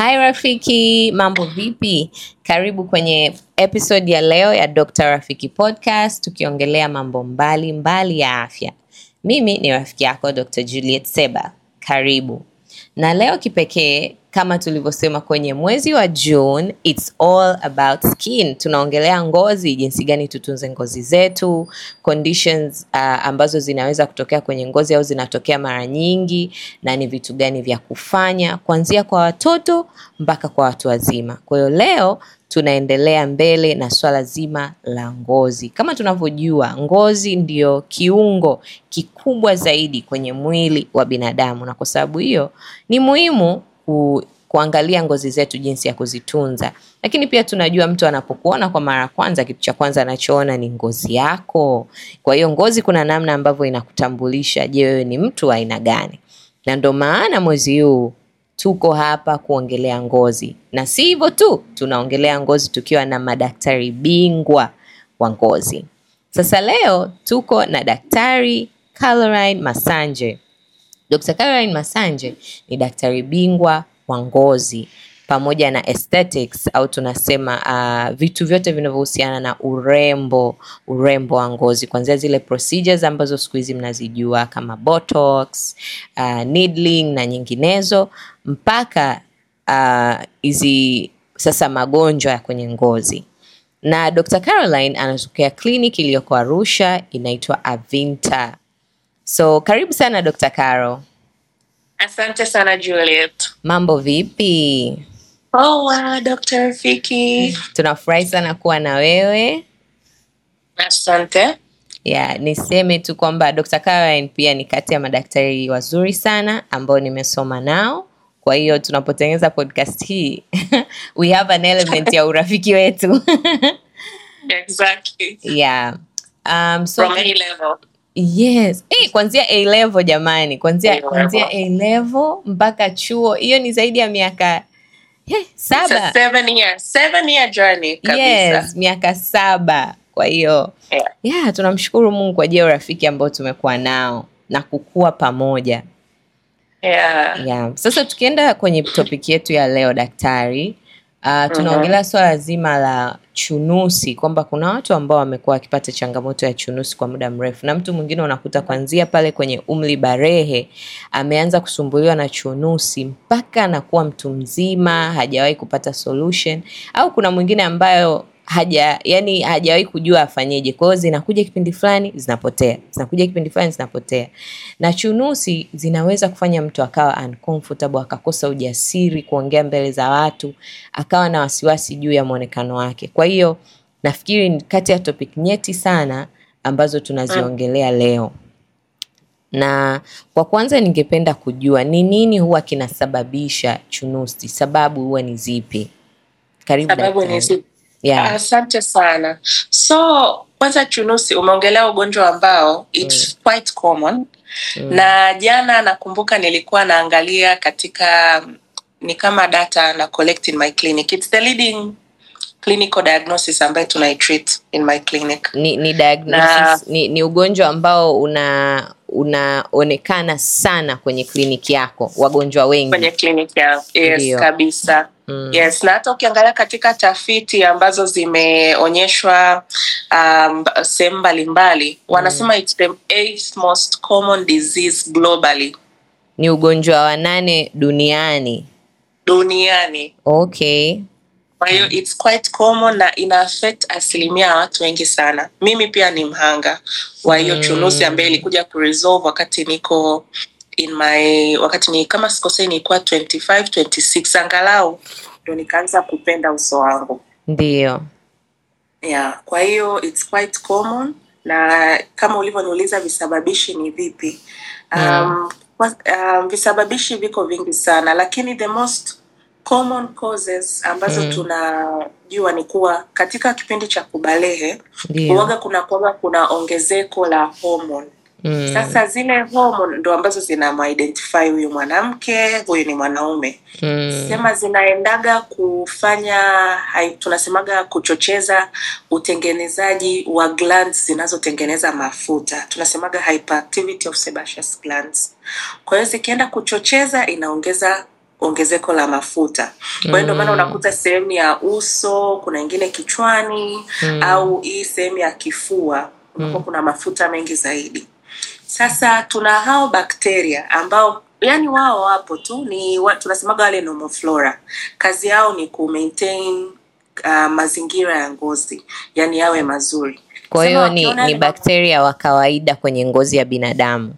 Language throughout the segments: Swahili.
Hai rafiki, mambo vipi? Karibu kwenye episode ya leo ya Dr. Rafiki Podcast tukiongelea mambo mbalimbali mbali ya afya. Mimi ni rafiki yako Dr. Juliet Seba. Karibu na leo kipekee kama tulivyosema kwenye mwezi wa June, it's all about skin. Tunaongelea ngozi, jinsi gani tutunze ngozi zetu, conditions uh, ambazo zinaweza kutokea kwenye ngozi au zinatokea mara nyingi, na ni vitu gani vya kufanya kuanzia kwa watoto mpaka kwa watu wazima. Kwa hiyo leo tunaendelea mbele na swala zima la ngozi. Kama tunavyojua, ngozi ndiyo kiungo kikubwa zaidi kwenye mwili wa binadamu, na kwa sababu hiyo ni muhimu ku kuangalia ngozi zetu jinsi ya kuzitunza. Lakini pia tunajua mtu anapokuona kwa mara ya kwanza, kitu cha kwanza anachoona ni ngozi yako. Kwa hiyo ngozi kuna namna ambavyo inakutambulisha, je, wewe ni mtu wa aina gani? Na ndo maana mwezi huu tuko hapa kuongelea ngozi, na si hivyo tu, tunaongelea ngozi tukiwa na madaktari bingwa wa ngozi. Sasa leo tuko na Daktari Caroline Masanje. Dr. Caroline Masanje ni daktari bingwa wa ngozi pamoja na aesthetics au tunasema uh, vitu vyote vinavyohusiana na urembo, urembo wa ngozi kuanzia zile procedures ambazo siku hizi mnazijua kama botox, uh, needling na nyinginezo mpaka uh, hizi uh, sasa magonjwa ya kwenye ngozi na Dr. Caroline anatokea kliniki iliyoko Arusha inaitwa Avinta. So karibu sana Dr. Caro. Asante sana Juliet. Mambo vipi? Poa, Dr. Tunafurahi sana kuwa na wewe. Asante. Yeah, niseme tu kwamba Dr. Caroline pia ni kati ya madaktari wazuri sana ambao nimesoma nao. Kwa hiyo tunapotengeneza podcast hii we have an element ya urafiki wetu. Exactly. Yeah. Um, so From A level. Yes. Hey, eh, A level jamani, kuanzia kuanzia A level mpaka chuo. Hiyo ni zaidi ya miaka miaka saba. Kwa hiyo yeah. Yeah, tunamshukuru Mungu kwa ajili ya urafiki ambao tumekuwa nao na kukua pamoja. Yeah. Yeah. Sasa tukienda kwenye topic yetu ya leo daktari, Uh, tunaongelea swala zima la chunusi kwamba kuna watu ambao wamekuwa wakipata changamoto ya chunusi kwa muda mrefu, na mtu mwingine unakuta kwanzia pale kwenye umri barehe ameanza kusumbuliwa na chunusi mpaka anakuwa mtu mzima, hajawahi kupata solution. Au kuna mwingine ambayo haja yani hajawahi kujua afanyeje. Kwa hiyo zinakuja kipindi fulani zinapotea, zinakuja kipindi fulani zinapotea, na chunusi zinaweza kufanya mtu akawa uncomfortable, akakosa ujasiri kuongea mbele za watu, akawa na wasiwasi juu ya mwonekano wake. Kwa hiyo nafikiri kati ya topic nyeti sana ambazo tunaziongelea mm. leo, na kwa kwanza ningependa kujua ni nini huwa kinasababisha chunusi, sababu huwa ni zipi? Karibu. Sababu ni zipi? yeah. Asante sana. So kwanza chunusi, umeongelea ugonjwa ambao it's mm. quite common mm. na jana nakumbuka nilikuwa naangalia katika ni kama data na collect in my clinic. It's the leading clinical diagnosis ambayo tunaitreat in my clinic. Ni, ni, diagnosis, na, ni, ni ugonjwa ambao una unaonekana sana kwenye kliniki yako wagonjwa wengi kwenye kliniki yao yes, kabisa Mm. Yes, na hata ukiangalia katika tafiti ambazo zimeonyeshwa um, sehemu mbalimbali mm. wanasema it's the eighth most common disease globally. Ni ugonjwa wa nane duniani. Duniani. Okay. Kwa hiyo it's quite common na ina affect asilimia ya watu wengi sana. Mimi pia ni mhanga wa hiyo mm. chunusi ambayo ilikuja kuresolve wakati niko in my wakati ni kama sikosei nilikuwa 25 26 angalau ndo nikaanza kupenda uso wangu ndio yeah, kwa hiyo it's quite common na kama ulivyoniuliza visababishi ni vipi um, yeah. um, visababishi viko vingi sana lakini the most common causes ambazo mm. tunajua ni kuwa katika kipindi cha kubalehe huwaga kuna kwamba kuna ongezeko la hormone Mm. Sasa zile homoni ndo ambazo zina maidentify huyu mwanamke, huyu ni mwanaume. Mm. Sema zinaendaga kufanya hai, tunasemaga kuchocheza utengenezaji wa glands zinazotengeneza mafuta. Tunasemaga hyperactivity of sebaceous glands. Kwa hiyo zikienda kuchocheza inaongeza ongezeko la mafuta. Kwa hiyo ndio maana mm. unakuta sehemu ya uso, kuna ingine kichwani mm. au hii sehemu ya kifua unakuwa mm. kuna mafuta mengi zaidi. Sasa tuna hao bakteria ambao yani wao wapo tu ni tunasemaga wale nomoflora, kazi yao ni ku maintain uh, mazingira ya ngozi yani yawe mazuri. Kwa hiyo ni, ni bakteria wa kawaida kwenye ngozi ya binadamu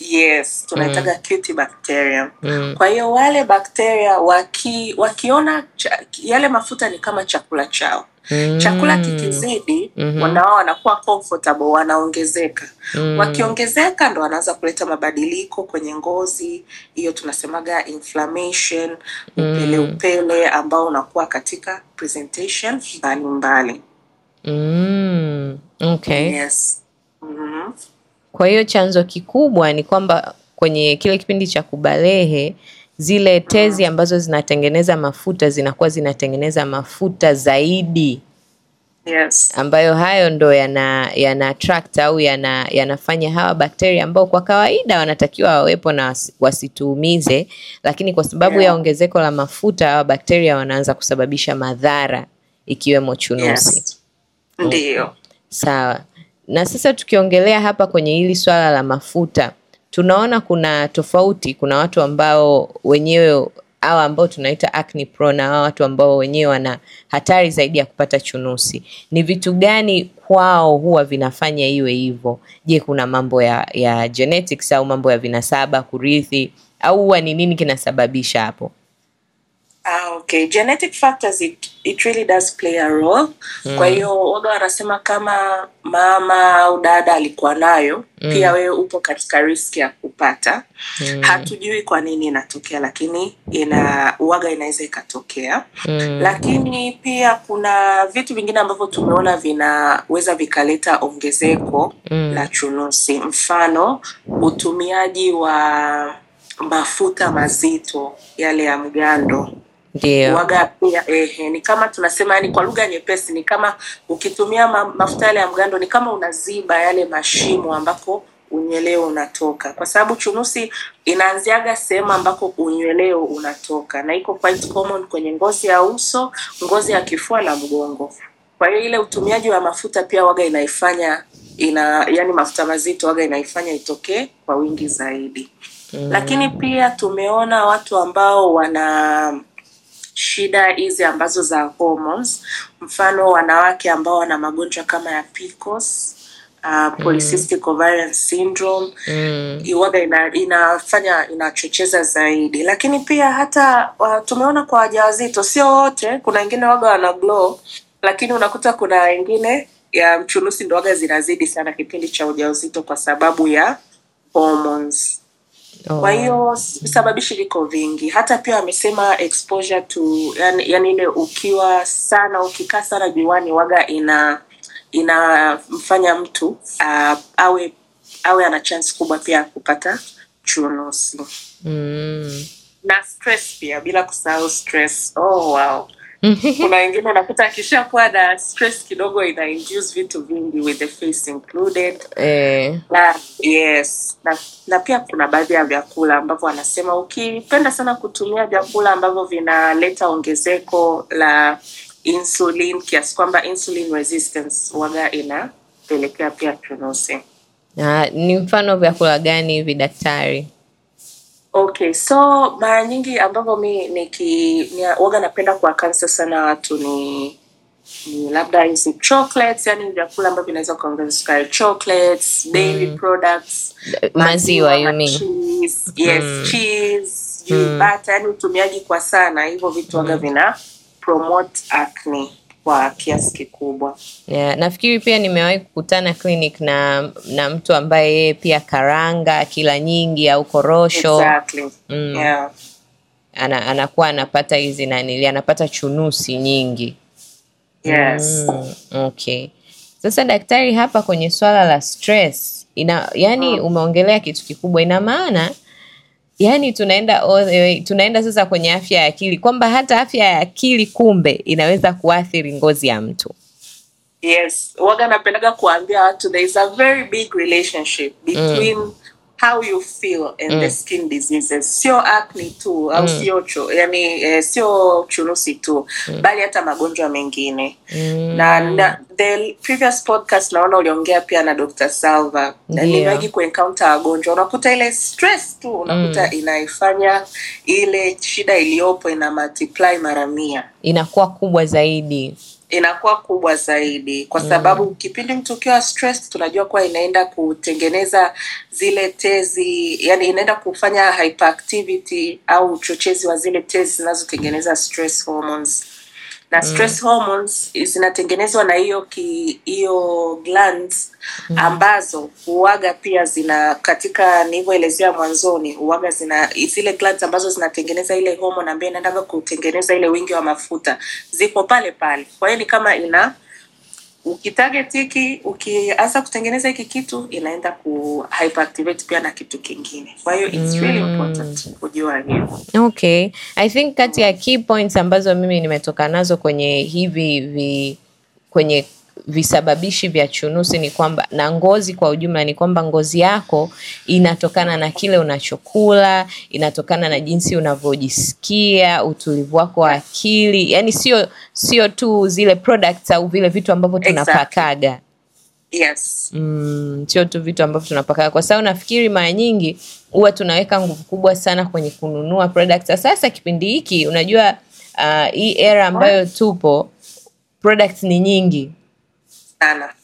Yes, tunaitaga mm. cutie bacteria Mm. Kwa hiyo wale bakteria waki, wakiona cha, yale mafuta ni kama chakula chao. Mm. Chakula kikizidi mm -hmm. wanawao wanakuwa comfortable, wanaongezeka. Mm. Wakiongezeka ndo wanaanza kuleta mabadiliko kwenye ngozi, hiyo tunasemaga inflammation, mm. upele upele ambao unakuwa katika presentation mbalimbali. Mm. Okay. Yes. Mm -hmm. Kwa hiyo chanzo kikubwa ni kwamba kwenye kile kipindi cha kubalehe zile tezi ambazo zinatengeneza mafuta zinakuwa zinatengeneza mafuta zaidi. Yes. Ambayo hayo ndo yana yana attract au yana yanafanya hawa bakteria ambao kwa kawaida wanatakiwa wawepo na wasituumize, lakini kwa sababu yeah, ya ongezeko la mafuta hawa bakteria wanaanza kusababisha madhara ikiwemo chunusi. Yes. Ndiyo. Sawa. Na sasa tukiongelea hapa kwenye hili swala la mafuta, tunaona kuna tofauti. Kuna watu ambao wenyewe hawa ambao tunaita acne prone na hawa watu ambao wenyewe wana hatari zaidi ya kupata chunusi, ni vitu gani kwao huwa vinafanya iwe hivyo? Je, kuna mambo ya, ya genetics au mambo ya vinasaba kurithi, au huwa ni nini kinasababisha hapo? Ah, okay. Genetic factors it, it really does play a role. Mm. Kwa hiyo odo anasema kama mama au dada alikuwa nayo mm. pia wewe upo katika riski ya kupata mm. hatujui kwa nini inatokea, lakini ina uwaga inaweza ikatokea mm. lakini pia kuna vitu vingine ambavyo tumeona vinaweza vikaleta ongezeko mm. la chunusi, mfano utumiaji wa mafuta mazito yale ya mgando ndio waga pia eh, eh, ni kama tunasema yani, kwa lugha nyepesi ni kama ukitumia ma, mafuta yale ya mgando ni kama unaziba yale mashimo ambako unyeleo unatoka, kwa sababu chunusi inaanziaga sehemu ambako unyeleo unatoka, na iko quite common kwenye ngozi ya uso, ngozi ya kifua na mgongo. Kwa hiyo ile utumiaji wa mafuta pia waga inaifanya ina, yani mafuta mazito waga inaifanya itokee kwa wingi zaidi. Mm. Lakini pia tumeona watu ambao wana shida hizi ambazo za hormones, mfano wanawake ambao wana magonjwa kama ya PCOS Uh, mm. polycystic ovarian syndrome mm. Iwaga ina, inafanya inachocheza zaidi, lakini pia hata uh, tumeona kwa wajawazito, sio wote, kuna wengine waga wana glow, lakini unakuta kuna wengine ya mchunusi ndo waga zinazidi sana kipindi cha ujauzito kwa sababu ya hormones. Oh. Kwa hiyo sababishi viko vingi, hata pia wamesema exposure to yani, yani ile ukiwa sana ukikaa sana juani waga ina inamfanya mtu uh, awe awe ana chance kubwa pia ya kupata chunusi mm. na stress pia bila kusahau stress. Oh, wow kuna wengine unakuta akishakuwa na stress kidogo ina induce vitu vingi with the face included eh. na, yes na, na pia kuna baadhi ya vyakula ambavyo wanasema ukipenda sana kutumia vyakula ambavyo vinaleta ongezeko la insulin kiasi kwamba insulin resistance waga inapelekea pia tunose ah, ni mfano vyakula gani hivi daktari Okay, so mara nyingi ambavyo mi niki waga napenda kuwakansa sana watu ni ni labda hizi chocolates, yani vyakula ambavyo inaweza kuongeza sukari, chocolates, dairy mm. products, eh, maziwa, you mean yes mm. cheese, mm. butter, yani utumiaji kwa sana hivyo vitu waga mm. vina promote acne kwa kiasi kikubwa. Yeah, nafikiri pia nimewahi kukutana clinic na na mtu ambaye yeye pia karanga kila nyingi au korosho exactly. mm. yeah. Ana, anakuwa anapata hizi nanili anapata chunusi nyingi. Yes. Mm, okay. Sasa daktari, hapa kwenye swala la stress ina, yani mm. umeongelea kitu kikubwa, ina maana yani tunaenda eh, tunaenda sasa kwenye afya ya akili kwamba hata afya ya akili kumbe inaweza kuathiri ngozi ya mtu yes waga napendaga kuambia watu there is a very big relationship mm. between mm how you feel in mm. the skin diseases sio acne tu au mm. sio cho, yani eh, sio chunusi tu mm. bali hata magonjwa mengine mm. na, na the previous podcast naona uliongea pia na Dr. Salva yeah. nimewahi kuencounter wagonjwa unakuta ile stress tu unakuta mm. inaifanya ile shida iliyopo ina multiply mara mia inakuwa kubwa zaidi inakuwa kubwa zaidi, kwa mm. sababu mm. kipindi mtu ukiwa stress, tunajua kuwa inaenda kutengeneza zile tezi, yani inaenda kufanya hyperactivity au uchochezi wa zile tezi zinazotengeneza stress hormones na mm. stress mm. hormones zinatengenezwa na hiyo hiyo glands mm. ambazo huaga pia zina katika nilivyoelezea mwanzoni, huaga zina zile glands ambazo zinatengeneza ile hormone ambayo inaendaga kutengeneza ile wingi wa mafuta, ziko pale pale. Kwa hiyo ni kama ina Ukitarget hiki ukianza kutengeneza hiki kitu inaenda ku hyperactivate pia na kitu kingine, kwa hiyo it's really mm. important kujua hiyo Okay, I think kati ya key points ambazo mimi nimetoka nazo kwenye hivi vi, kwenye visababishi vya chunusi ni kwamba na ngozi kwa ujumla ni kwamba ngozi yako inatokana na kile unachokula, inatokana na jinsi unavyojisikia, utulivu wako wa akili, yani sio sio tu zile products au vile vitu ambavyo tunapakaga exactly. Yes. Mm, sio tu vitu ambavyo tunapakaga, kwa sababu nafikiri mara nyingi huwa tunaweka nguvu kubwa sana kwenye kununua products. Sasa kipindi hiki unajua, uh, hii era ambayo tupo products ni nyingi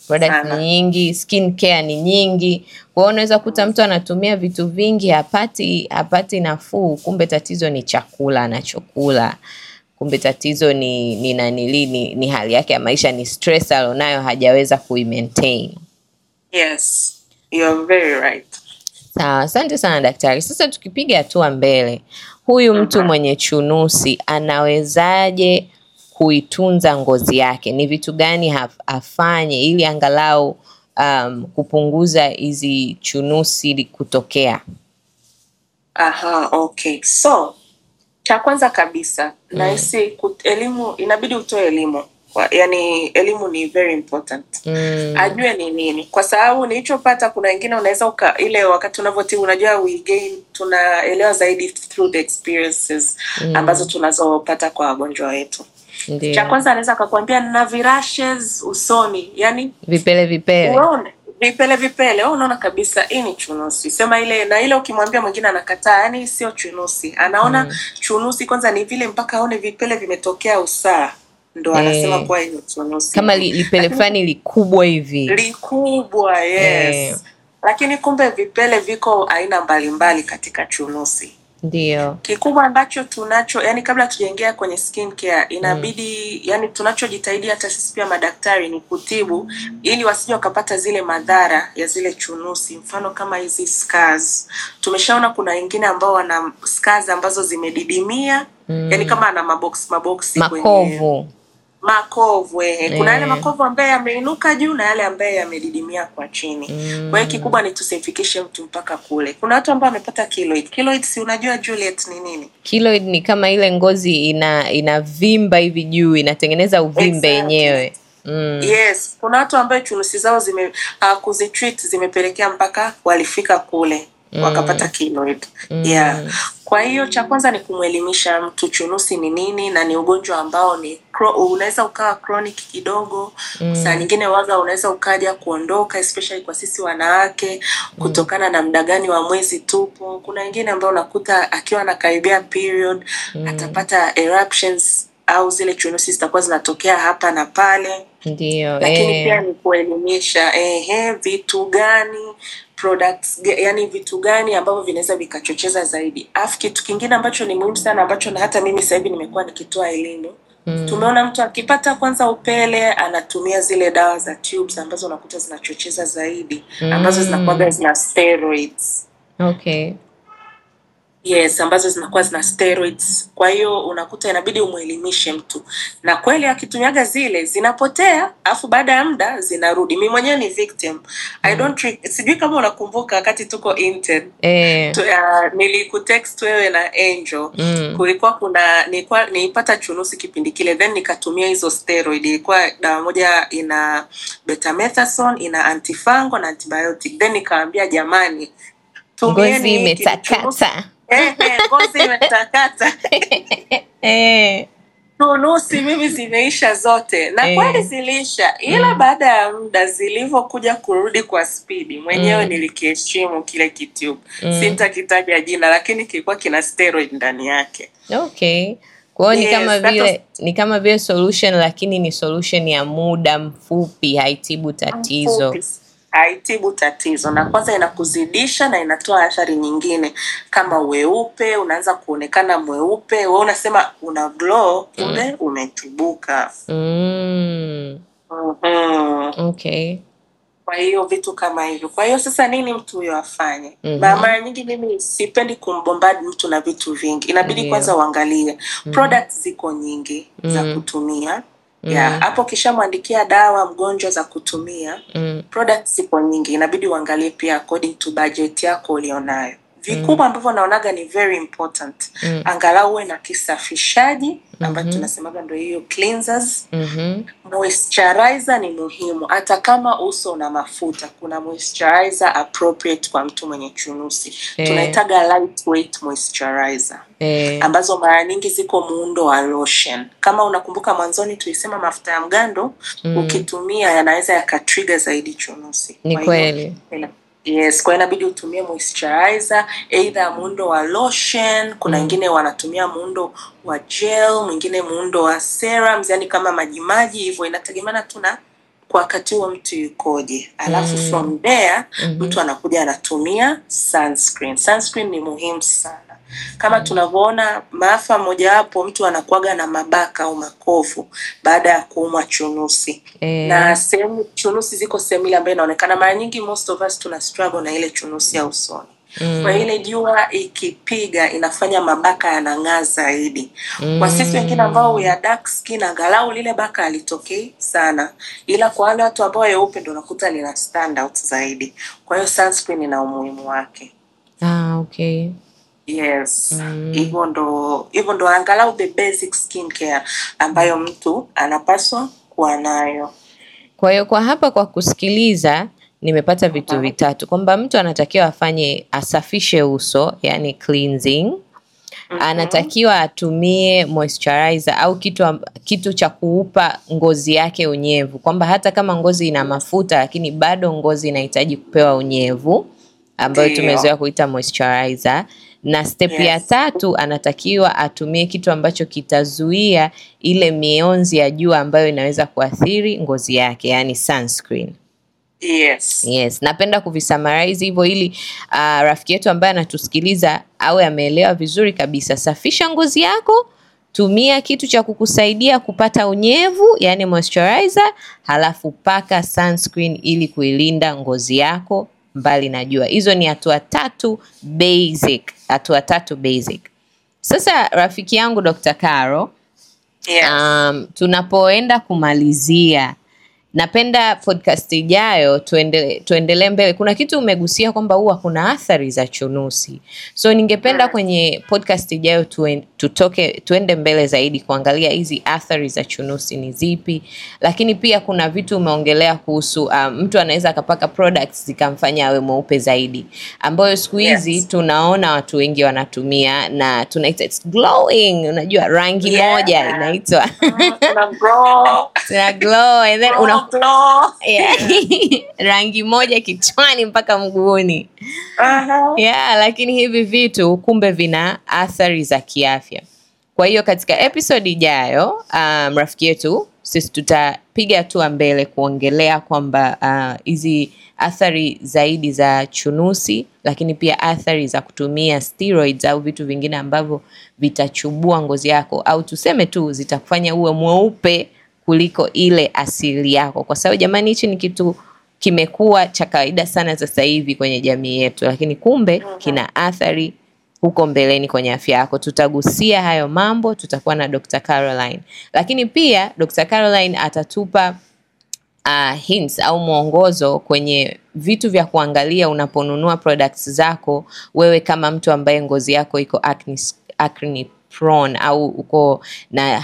Products ni nyingi, skin care ni nyingi. Kwa hiyo unaweza kuta mtu anatumia vitu vingi hapati hapati nafuu, kumbe tatizo ni chakula anachokula, kumbe tatizo ni ni nanili ni, ni hali yake ya maisha, ni stress alionayo hajaweza kuimaintain. Yes, you are very right. Sawa, asante sana daktari. Sasa tukipiga hatua mbele, huyu mtu mwenye chunusi anawezaje kuitunza ngozi yake, ni vitu gani afanye ili angalau um, kupunguza hizi chunusi kutokea? Aha, okay. So cha kwanza kabisa mm. nahisi elimu, inabidi utoe elimu yaani elimu ni very important mm. ajue ni nini, kwa sababu nilichopata, kuna wengine unaweza ile wakati unavyotibu, unajua we gain, tunaelewa zaidi through the experiences mm. ambazo tunazopata kwa wagonjwa wetu. Ndiyo. Cha kwanza anaweza akakwambia na virashes usoni, yani vipele vipele, uone vipele vipele, wewe oh, unaona kabisa hii ni chunusi, sema ile na ile. Ukimwambia mwingine anakataa, yani sio chunusi, anaona mm. chunusi kwanza ni vile mpaka aone vipele vimetokea usaa ndo anasema hey. Eh. kuwa hiyo chunusi, kama li, lipele fulani likubwa hivi likubwa, yes hey. Eh. Lakini kumbe vipele viko aina mbalimbali mbali katika chunusi. Ndio kikubwa ambacho tunacho, yani kabla tujaingia kwenye skin care inabidi mm. yani tunachojitahidi hata sisi pia madaktari ni kutibu, ili wasije wakapata zile madhara ya zile chunusi, mfano kama hizi scars. Tumeshaona kuna wengine ambao wana scars ambazo zimedidimia mm. yani kama ana mabox mabox kwenye makovu ehe, kuna yale eh. makovu ambaye yameinuka juu na yale ambaye yamedidimia kwa chini. Kwa hiyo mm. kikubwa ni tusimfikishe mtu mpaka kule. Kuna watu ambao wamepata keloid. Keloid si unajua Juliet, ni nini? Keloid ni kama ile ngozi ina inavimba hivi juu, inatengeneza uvimbe yenyewe. Exactly. Mm. Yes, kuna watu ambao chunusi zao zime uh, kuzitreat zimepelekea mpaka walifika kule mm. wakapata keloid. Mm. Yeah. Kwa hiyo cha kwanza ni kumwelimisha mtu chunusi ni nini, na ni ugonjwa ambao ni unaweza ukawa chronic kidogo mm. Saa nyingine waga unaweza ukaja kuondoka, especially kwa sisi wanawake mm. kutokana mm. na muda gani wa mwezi tupo. Kuna wengine ambao unakuta akiwa anakaribia period mm. atapata eruptions au zile chunusi zitakuwa zinatokea hapa na pale, ndio. Lakini eh, pia ni kuelimisha ehe vitu gani products yani vitu gani ambavyo vinaweza vikachocheza zaidi. afu kitu kingine ambacho ni muhimu sana ambacho na hata mimi sasa hivi nimekuwa nikitoa elimu mm. Tumeona mtu akipata kwanza upele anatumia zile dawa za tubes ambazo unakuta zinachocheza zaidi mm. ambazo hmm. zinakuwa zina steroids. Okay yes ambazo zinakuwa zina steroids kwa hiyo unakuta inabidi umwelimishe mtu na kweli akitumiaga zile zinapotea afu baada ya muda zinarudi mi mwenyewe ni victim mm. I don't trick, sijui kama unakumbuka wakati tuko intern eh. uh, nilikutext wewe na angel mm. kulikuwa kuna nilikuwa nilipata chunusi kipindi kile then nikatumia hizo steroid ilikuwa dawa moja ina betamethasone ina antifango na antibiotic then nikaambia jamani tumieni ngozi imetakata ngozi imetakata tunusi eh. mimi zimeisha zote na eh. kweli ziliisha ila mm. baada ya muda zilivyokuja kurudi kwa spidi mwenyewe mm. nilikiheshimu kile kitu mm. sintakitaja jina lakini kilikuwa kina steroid ndani yake okay kwao yes, ni kama vile ni kama vile solution lakini ni solution ya muda mfupi haitibu tatizo mfupi haitibu tatizo, na kwanza inakuzidisha na inatoa athari nyingine kama weupe, unaanza kuonekana mweupe, wewe unasema una glow, kumbe mm. umetubuka mm. mm-hmm. okay kwa hiyo vitu kama hivyo. Kwa hiyo sasa nini mtu huyo afanye? Mm-hmm. Mara nyingi mimi sipendi kumbombadi mtu na vitu vingi, inabidi yeah. Kwanza uangalie mm-hmm. products ziko nyingi mm-hmm. za kutumia mm. yeah hapo ukishamwandikia dawa mgonjwa za kutumia mm. products zipo nyingi inabidi uangalie pia according to budget yako ulionayo vikubwa mm. ambavyo naonaga ni very important mm. angalau uwe na kisafishaji ambacho mm-hmm. tunasemaga ndo hiyo cleansers mm-hmm. moisturizer ni muhimu hata kama uso una mafuta kuna moisturizer appropriate kwa mtu mwenye chunusi eh. tunahitaga lightweight moisturizer eh. ambazo mara nyingi ziko muundo wa lotion kama unakumbuka mwanzoni tulisema mafuta ya mgando mm. ukitumia yanaweza yakatriga zaidi chunusi ni kweli Yes, kwa inabidi utumie moisturizer either muundo wa lotion, kuna mm. wengine mm. wanatumia muundo wa gel, mwingine muundo wa serums, yani kama majimaji hivyo, inategemeana tu na kwa wakati huo mtu yukoje, alafu mm. from there mm-hmm. mtu anakuja anatumia sunscreen. Sunscreen ni muhimu sana kama mm. tunavyoona maafa mojawapo, mtu anakuaga na mabaka au makovu baada ya kuumwa chunusi e. na eh. sehemu chunusi ziko sehemu ile ambayo inaonekana mara nyingi, most of us tuna struggle na ile chunusi ya usoni mm. kwa ile jua ikipiga inafanya mabaka yanang'aa zaidi mm. kwa sisi wengine ambao ya mm. dark skin angalau lile baka alitokei sana ila kwa wale watu ambao weupe ndo nakuta lina stand out zaidi kwa hiyo sunscreen ina umuhimu wake ah, okay yes mm. hivyo mm. ndo hivyo ndo angalau the basic skin care ambayo mtu anapaswa kuwa nayo kwa hiyo kwa hapa kwa kusikiliza nimepata vitu vitatu kwamba mtu anatakiwa afanye asafishe uso yani cleansing Mm-hmm. Anatakiwa atumie moisturizer au kitu, kitu cha kuupa ngozi yake unyevu, kwamba hata kama ngozi ina mafuta lakini bado ngozi inahitaji kupewa unyevu ambayo tumezoea kuita moisturizer. Na step yes, ya tatu anatakiwa atumie kitu ambacho kitazuia ile mionzi ya jua ambayo inaweza kuathiri ngozi yake, yani sunscreen. Yes. Yes, napenda kuvisamarize hivyo ili uh, rafiki yetu ambaye anatusikiliza awe ameelewa vizuri kabisa. Safisha ngozi yako, tumia kitu cha kukusaidia kupata unyevu, yani moisturizer, halafu paka sunscreen ili kuilinda ngozi yako mbali na jua. Hizo ni hatua tatu basic, hatua tatu basic. Sasa rafiki yangu Dr. Caro, yes. Um, tunapoenda kumalizia napenda podcast ijayo tuendelee tuendele mbele. Kuna kitu umegusia kwamba huwa kuna athari za chunusi, so ningependa ah. kwenye podcast ijayo tutoke tuende mbele zaidi kuangalia hizi athari za chunusi ni zipi, lakini pia kuna vitu umeongelea kuhusu um, mtu anaweza akapaka products zikamfanya awe mweupe zaidi, ambayo siku hizi yes. tunaona watu wengi wanatumia na tunaita it's glowing, unajua rangi yeah. moja inaitwa ah, glow and then oh. una Yeah. rangi moja kichwani mpaka mguuni. Uh-huh. Yeah, lakini hivi vitu kumbe vina athari za kiafya. Kwa hiyo katika episode ijayo, um, rafiki yetu sisi tutapiga hatua mbele kuongelea kwamba uh, hizi uh, athari zaidi za chunusi, lakini pia athari za kutumia steroids au vitu vingine ambavyo vitachubua ngozi yako au tuseme tu zitakufanya uwe mweupe kuliko ile asili yako, kwa sababu jamani, hichi ni kitu kimekuwa cha kawaida sana sasa hivi kwenye jamii yetu, lakini kumbe mhm. kina athari huko mbeleni kwenye afya yako. Tutagusia hayo mambo, tutakuwa na Dr. Caroline, lakini pia Dr. Caroline atatupa uh, hints au mwongozo kwenye vitu vya kuangalia unaponunua products zako, wewe kama mtu ambaye ngozi yako iko acne, acne prone au uko na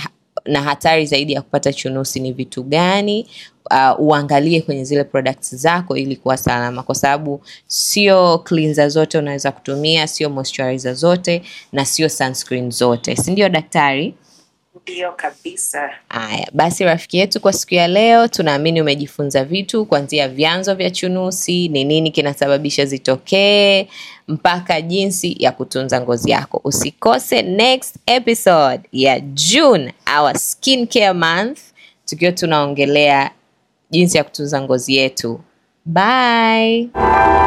na hatari zaidi ya kupata chunusi ni vitu gani. Uh, uangalie kwenye zile products zako ili kuwa salama, kwa sababu sio cleanser zote unaweza kutumia, sio moisturizer zote na sio sunscreen zote, si ndio daktari? Ndio kabisa. Haya basi, rafiki yetu, kwa siku ya leo tunaamini umejifunza vitu kuanzia vyanzo vya chunusi, ni nini kinasababisha zitokee, mpaka jinsi ya kutunza ngozi yako. Usikose next episode ya June, our skincare month, tukiwa tunaongelea jinsi ya kutunza ngozi yetu. Bye.